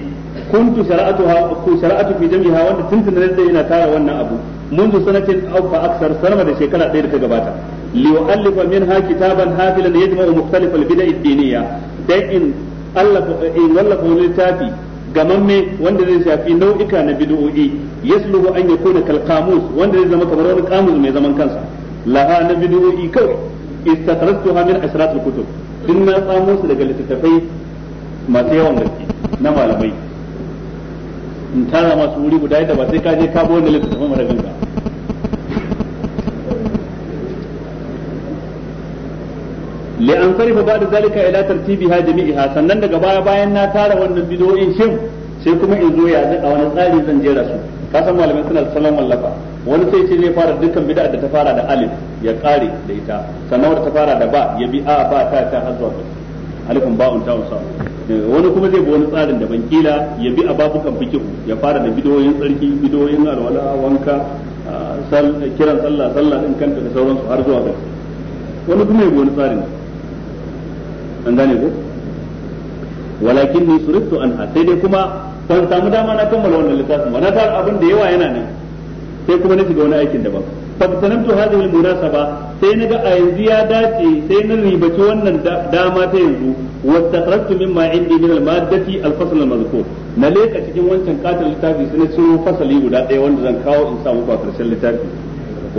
kuntu shara'atuha ku shara'atu fi jam'iha wanda tuntun da yana tara wannan abu munzu سنة awfa aksar سنة da shekara ɗaya da ta gabata ليؤلف منها كتابا هافلا يجمع مختلف البدع الدينية dan in Allah in wallafa wani littafi mamme wanda zai shafi nau'ika na bid'o'i yasluhu an yakuna kal qamus wanda zai zama kamar wani qamus mai zaman kansa laha na bidiyoyi kawai istakarastu hamil asiratul kutub din na tsamo su daga littattafai masu yawan gaske na malamai in tara masu wuri guda yadda ba sai ka je ka bo wani littattafan mara ganka li an sarifa ba da zalika ila tartibiha jami'iha sannan daga baya bayan na tara wannan bidiyoyin shin sai kuma in zo ya a wani tsari zan jera su kasan malamai suna da salon wallafa wani sai ce zai fara dukkan bid'a da ta fara da alif ya kare da ita sannan wata ta fara da ba ya bi a ba ta ta har zuwa alifin ba'un ta usa eh, wani kuma zai bi wani tsarin da ban kila ya bi a babukan fikihu ya fara da bidoyin tsarki bidoyin alwala wanka kiran sallah sallah din kanta da sauransu har zuwa ga wani kuma ya bi wani tsarin an gane ko walakin ni an anha sai dai kuma ban samu dama na kammala wannan littafin ba na tar abin da yawa yana nan sai kuma na shiga wani aikin daban fa sanantu hadhihi almunasaba sai naga a yanzu ya dace sai na ribaci wannan dama ta yanzu wata wastakhrajtu mimma indi min almaddati alfasl almazkur na leka cikin wancan katar littafi sai na ciro fasali guda ɗaya wanda zan kawo in samu ba karshen littafi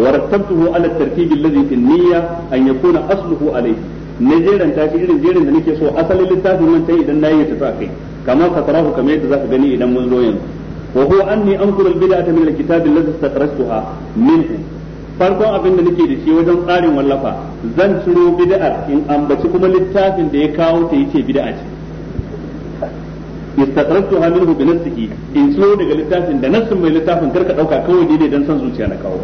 warattabtuhu ala tartibi alladhi fi niyya an yakuna asluhu alayhi ne jeran ta shi irin jeran da nake so asalin littafin nan sai idan nayi ta sa kai kamar ka tarahu kamar yadda zaka gani idan mun zo yanzu وهو أني أنقل البدعة من الكتاب الذي استقرأتها منه farkon abin da nake da shi wajen tsarin wallafa zan ciro bid'ar in ambaci kuma littafin da ya kawo ta yace bid'a ce istaqrartu ha minhu bi nafsihi in ciro daga littafin da nafsin mai littafin karka dauka kawai ne dan san zuciya na kawo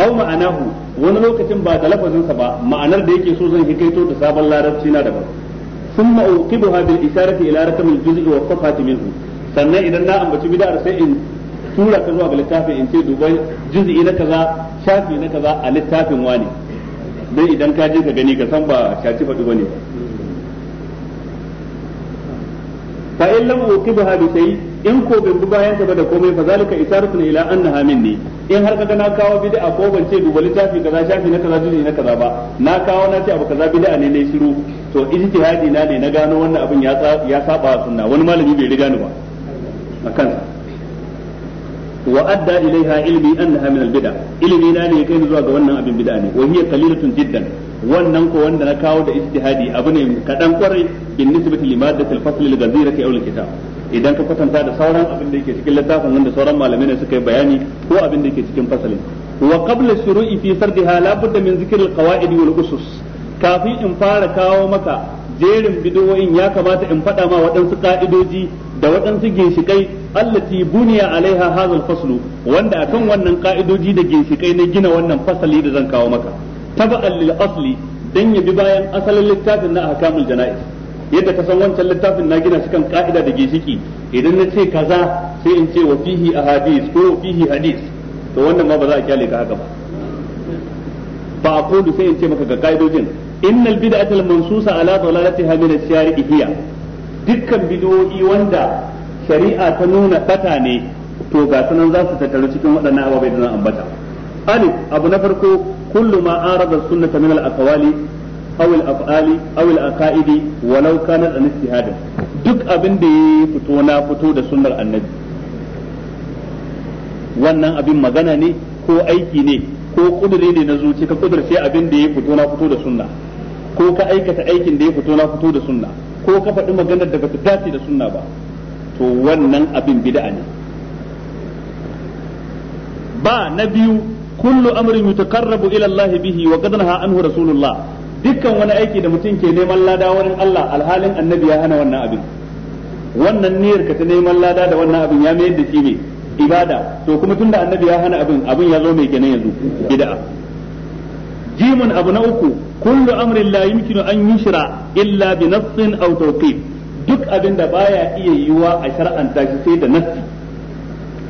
aw ma'anahu wani lokacin ba da sa ba ma'anar da yake so zan hikaito da sabon larabci na daban ثم isharati ila rakamil juz'i wa safati minhu sannan idan na ambaci bid'ar sai in tura ka zuwa ga littafin in ce dubai juz'i na kaza shafi na kaza a littafin wani dan idan ka je ka gani ka san ba shafi fadu bane fa in lam uqibha bi shay in ko bin bi bayan ta da komai fa zalika isaratun ila annaha minni in har ka na kawo bid'a ko ban ce duba littafi kaza shafi na kaza juz'i na kaza ba na kawo na ce abu kaza bid'a ne ne shiru to ijtihadi na ne na gano wannan abin ya ya saba sunna wani malami bai riga ni ba akan wa adda ilaiha ilmi annaha min albid'a ilmi na ne kai zuwa ga wannan abin bid'a ne wa hiya qalilatun jiddan wannan ko wanda na kawo da ijtihadi abu ne kadan kwarai bin nisbati limadat fasl al-ghazirati aw al-kitab idan ka kwatanta da sauran abin da yake cikin littafin wanda sauran malamai ne suka yi bayani ko abin da yake cikin fasalin wa qabla shuru'i fi sardiha la budda min zikr al-qawaid wal usus kafin in fara kawo maka jerin bidiyoyin ya kamata in faɗa ma waɗansu ka'idoji da waɗansu ginshikai allati buniya alaiha hazal faslu wanda akan wannan ka'idoji da ginshikai na gina wannan fasali da zan kawo maka taba'al lil asli dan ya bi bayan asalin littafin na ahkamul janaiz yadda ka san wancan littafin na gina shi kan ka'ida da ginshiki idan na ce kaza sai in ce wa fihi ahadith ko fihi hadith to wannan ma ba za a kyale ka haka ba ba a sai in ce maka ga ka'idojin innal bid'atul mansusa ala dalalatiha min ash-shari'i hiya dukkan bid'o'i wanda shari'a ta nuna bata ne to ga sunan za su tattaru cikin waɗannan ababai da zan ambata alif abu na farko kullu ma arada sunnata min al-aqwali aw al-af'ali aw al-aqaidi walau kana an istihada duk abin da ya fito na fito da sunnar annabi wannan abin magana ne ko aiki ne ko kudure ne na zuci ka kudurce abin da ya fito na fito da sunna ko ka aikata aikin da ya fito na fito da sunna ko ka faɗi maganar da bata dace da sunna ba to wannan abin bid'a ne ba na biyu kullu amrin yutaqarrabu ila Allah bihi wa qad naha anhu rasulullah dukkan wani aiki da mutum ke neman lada wurin Allah alhalin annabi ya hana wannan abin wannan niyyar ka ta neman lada da wannan abin ya mayar da shi ne ibada to kuma tunda annabi ya hana abin abin ya zo mai kenan yanzu bid'a Jimin abu na uku kullu amrin la yumkinu an yushra illa bi nassin duk abin da baya iya yiwa a shar'anta shi sai da nassi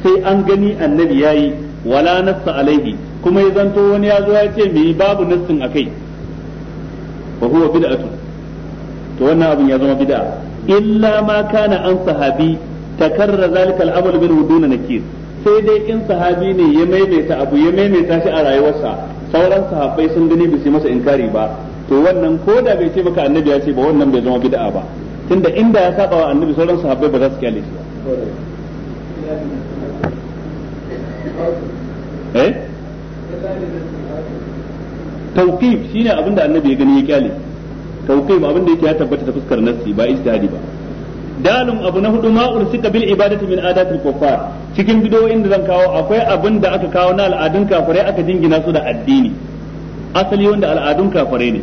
sai an gani annabi yayi wala nassa alaihi kuma ya zanto wani ya zo ya ce me babu nassin akai fa huwa bid'atu to wannan abin ya zama bid'a illa ma kana an sahabi takarra zalika al-amal minhu duna nakir sai dai in sahabi ne ya maimaita abu ya maimaita shi a rayuwarsa sauran sahabbai sun gani ba su masa inkari ba to wannan ko da bai ce maka annabi ya ce ba wannan bai zama bid'a ba tunda inda ya saba wa annabi sauran sahabbai ba za su kyale shi ba eh tawqif shine abinda annabi ya gani ya kyale tawqif abinda yake ya tabbata ta fuskar nassi ba ijtihadi ba dalum abu na hudu ma ursika bil ibadati min adatul kuffar cikin bidoyin da zan kawo akwai abin da aka kawo na al'adun kafare aka jingina su da addini asali wanda al'adun kafare ne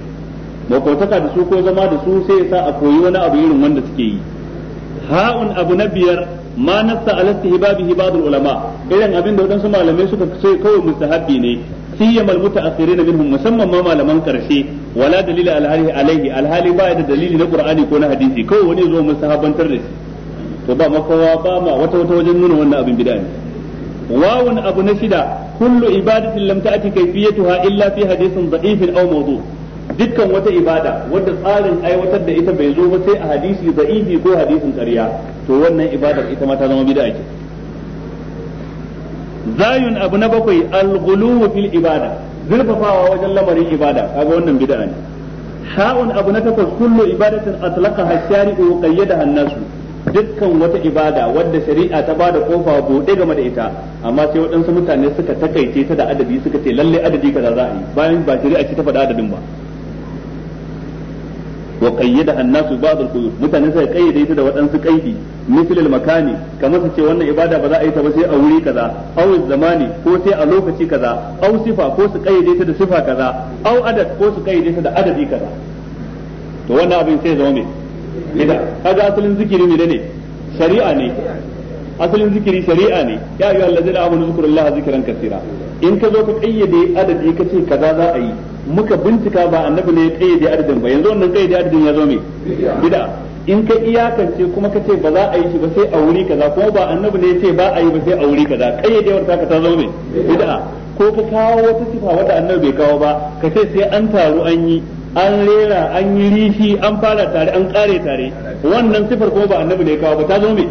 makotaka da su ko zama da su sai sa a koyi wani abu irin wanda suke yi ha'un abu na biyar ma nassa alasti hibabi hibadul ulama irin abin da wadansu malamai suka ce kawai mustahabbi ne siyama almutaakhirin minhum musamman ma malaman karshe wala dalila alhali alaihi alhali ba da dalili na qur'ani ko na hadisi kawai wani zo mu sahabantar da shi to ba makawa ba ma wata wata wajen nuna wannan abin bid'a ne wawan abu na shida kullu ibadatin lam ta'ti kayfiyatuha tuha fi hadithin da'ifin aw mawdu dukkan wata ibada wanda tsarin aiwatar da ita bai zo ba sai a hadisi da'ifi ko hadisin ƙarya to wannan ibadar ita ma ta zama bid'a ce zayun abu na bakwai alghuluwu fil ibada zurfafawa wajen lamarin ibada kaga wannan bid'a ne sha'un abu na takwas kullu ibadatin atlaqaha shari'u wa qayyadaha an-nasu dukkan wata ibada wadda shari'a ta bada kofa bude game da ita amma sai waɗansu mutane suka takaice ta da adadi suka ce lalle adadi kaza za a yi bayan ba shari'a ce ta faɗa adadin ba wa qayyada annasu ba'd al-quyud mutane sai kayyade ita da waɗansu kaidi misal al-makani kamar su ce wannan ibada ba za a yi ta ba sai a wuri kaza aw zamani ko sai a lokaci kaza aw sifa ko su kayyade ta da sifa kaza aw adad ko su kayyade ta da adadi kaza to wannan abin sai zama me bid'a kaga asalin zikiri ne ne shari'a ne asalin zikiri shari'a ne ya ayyuhal ladzina amanu zikrullaha zikran kaseera in ka zo ka kayyade adadi ka ce kaza za a yi muka bincika ba annabi ne ya kayyade adadin ba yanzu wannan kayyade adadin ya zo me bid'a in ka iyakance kuma ka ce ba za a yi shi ba sai a wuri kaza ko ba annabi ne ya ce ba a yi ba sai a wuri kaza kayyadewar ka ta zo me bid'a ko ka kawo wata sifa wata annabi bai kawo ba ka ce sai an taru an yi an rera an yi rishi an fara tare an kare tare wannan sifar kuma ba annabi ne ya kawo ba ta zo me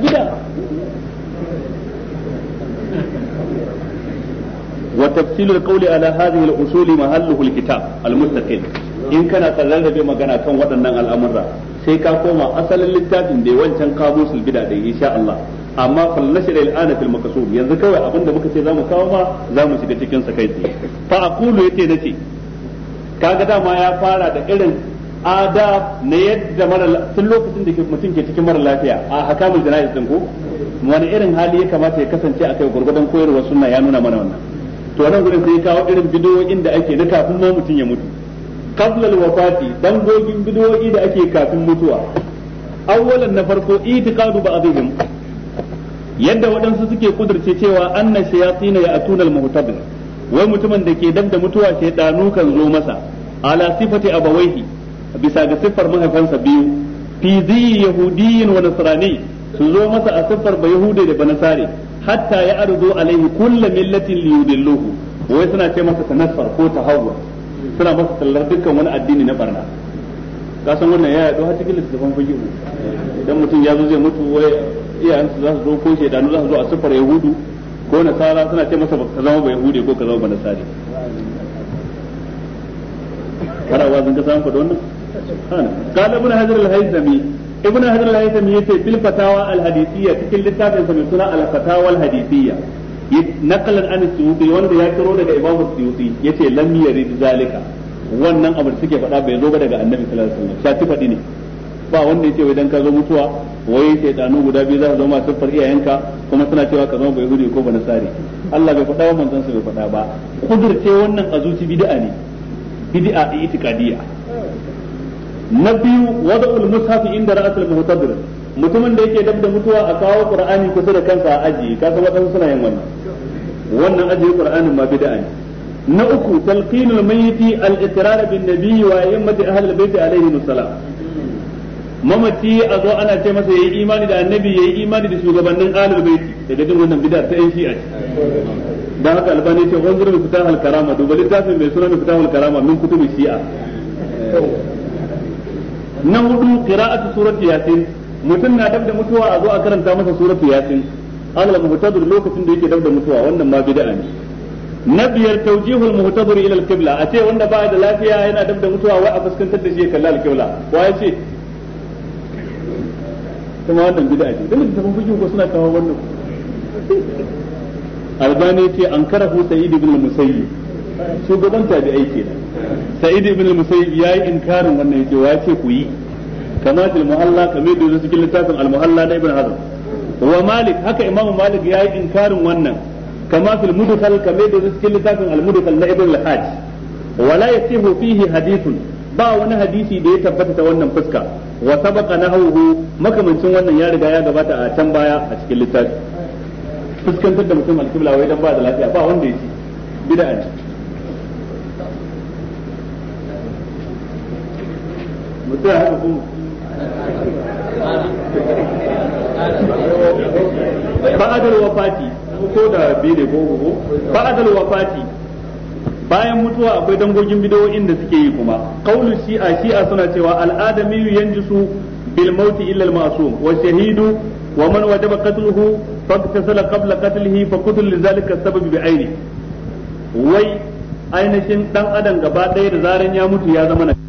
bid'a وتفصيل القول على هذه الأصول محله الكتاب المستقل in kana tsallar da bai magana kan waɗannan al'amurra sai ka koma asalin littafin da wancan kamusul bida da insha Allah amma fallashi da al'ana fil makasub yanzu kawai abin muka ce zamu kawo ma zamu shiga cikin sa kai fa aqulu ce nace kaga dama ya fara da irin ada yadda mara tun lokacin da mutum ke cikin mara lafiya a hakamul jana'iz din ko wani irin hali ya kamata ya kasance a kai gurgurdan koyarwa sunna ya nuna mana wannan to nan gurin sai kawo irin bidiyoyin da ake na kafin ma mutum ya mutu qablal wafati gogin bidiyoyi da ake kafin mutuwa awwalan na farko itiqadu ba'dihim yadda waɗansu suke kudurce cewa anna shayatin ya atunal muhtabin wai mutumin da ke dab da mutuwa shaydanu kan zo masa ala sifati abawaihi bisa ga siffar mahaifansa biyu fi zi yahudiyyin wa nasrani su zo masa a siffar ba yahude da banasare hatta ya arzo alaihi kullu millatin li yudilluhu wai suna ce masa tanaffar ko tahawwa suna masa tallar dukkan wani addini na barna kasan san wannan ya yaɗo har cikin littattafan fiqh idan mutum ya zo zai mutu wai iyayensu za su zo ko shedanu za su zo a siffar yahudu ko nasara suna ce masa ka zama ba yahude ko ka zama ba nasari har wazin ka samu da wannan قال ابن حجر الهيثمي ibn hajar la ya ce fil fatawa al hadisiyya cikin littafin sa mai suna al fatawa al hadisiyya naqalan an wanda ya kiro daga imamu suyuti yace lam yarid zalika wannan abin suke faɗa bai zo ba daga annabi sallallahu alaihi wasallam faɗi ne ba wanda yace wai dan ka zo mutuwa wai shaytanu guda biyu za su zama siffar iyayenka kuma suna cewa ka zama bai hudu ko ba nasari Allah bai faɗa wa manzon sa bai faɗa ba kudirce wannan a zuci bid'a ne bid'a a itikadiyya na biyu wada'ul mushaf inda ra'atul muhtadir mutumin da yake dab da mutuwa a kawo qur'ani kusa da kansa a aji ka san wadansu suna yin wannan wannan ajiye qur'anin ma bid'a ne na uku talqinul mayyiti al-iqrar bin nabiy wa yammati ahlul bait alaihi wassalam mamaci a zo ana ce masa yayi imani da annabi yayi imani da shugabannin ahlul bait daga jin wannan bid'a ta yin shi'a dan haka albani ce wanzur bi fitahul karama duba littafin mai suna fitahul karama min kutubi shi'a na hudu qira'atu surati yasin mutum na dab da mutuwa a zo a karanta masa suratu yasin alal muhtadir lokacin da yake dab da mutuwa wannan ma bid'a ne na biyar tawjihul muhtadir ila al-qibla a ce wanda ba da lafiya yana dab da mutuwa wai a fuskantar da shi ya kalla al-qibla wa ya ce kuma wannan bid'a ce dole da mun ko suna kawo wannan albani ce an karahu sa'id ibn musayyib shugaban tabi'ai kenan sa'id ibn al-musayyib yayi inkarin wannan yace wa ku yi kama til muhalla kamar da yake cikin littafin al-muhalla malik haka imamu malik yayi inkarin wannan kama fil mudkhal kamar da yake cikin ba wani hadisi da ya tabbata ta wannan fuska wa na nahawhu makamancin wannan ya riga ya gabata a can baya a cikin littafi fuskantar da mutum al-qibla wai dan ba da lafiya ba wanda ya ci bid'a ne mutum haka ko ba'adal wafati ko da biyu ne ko ko wafati bayan mutuwa akwai dangogin bidowoyin da suke yi kuma qaulu shi'a shi'a suna cewa al'adami yanjisu bil mauti illa al ma'sum wa shahidu wa man wajaba qatluhu faqtasala qabla qatlihi fa qutul li zalika sabab bi aini wai ainihin dan adam gaba ɗaya da zaran ya mutu ya zama na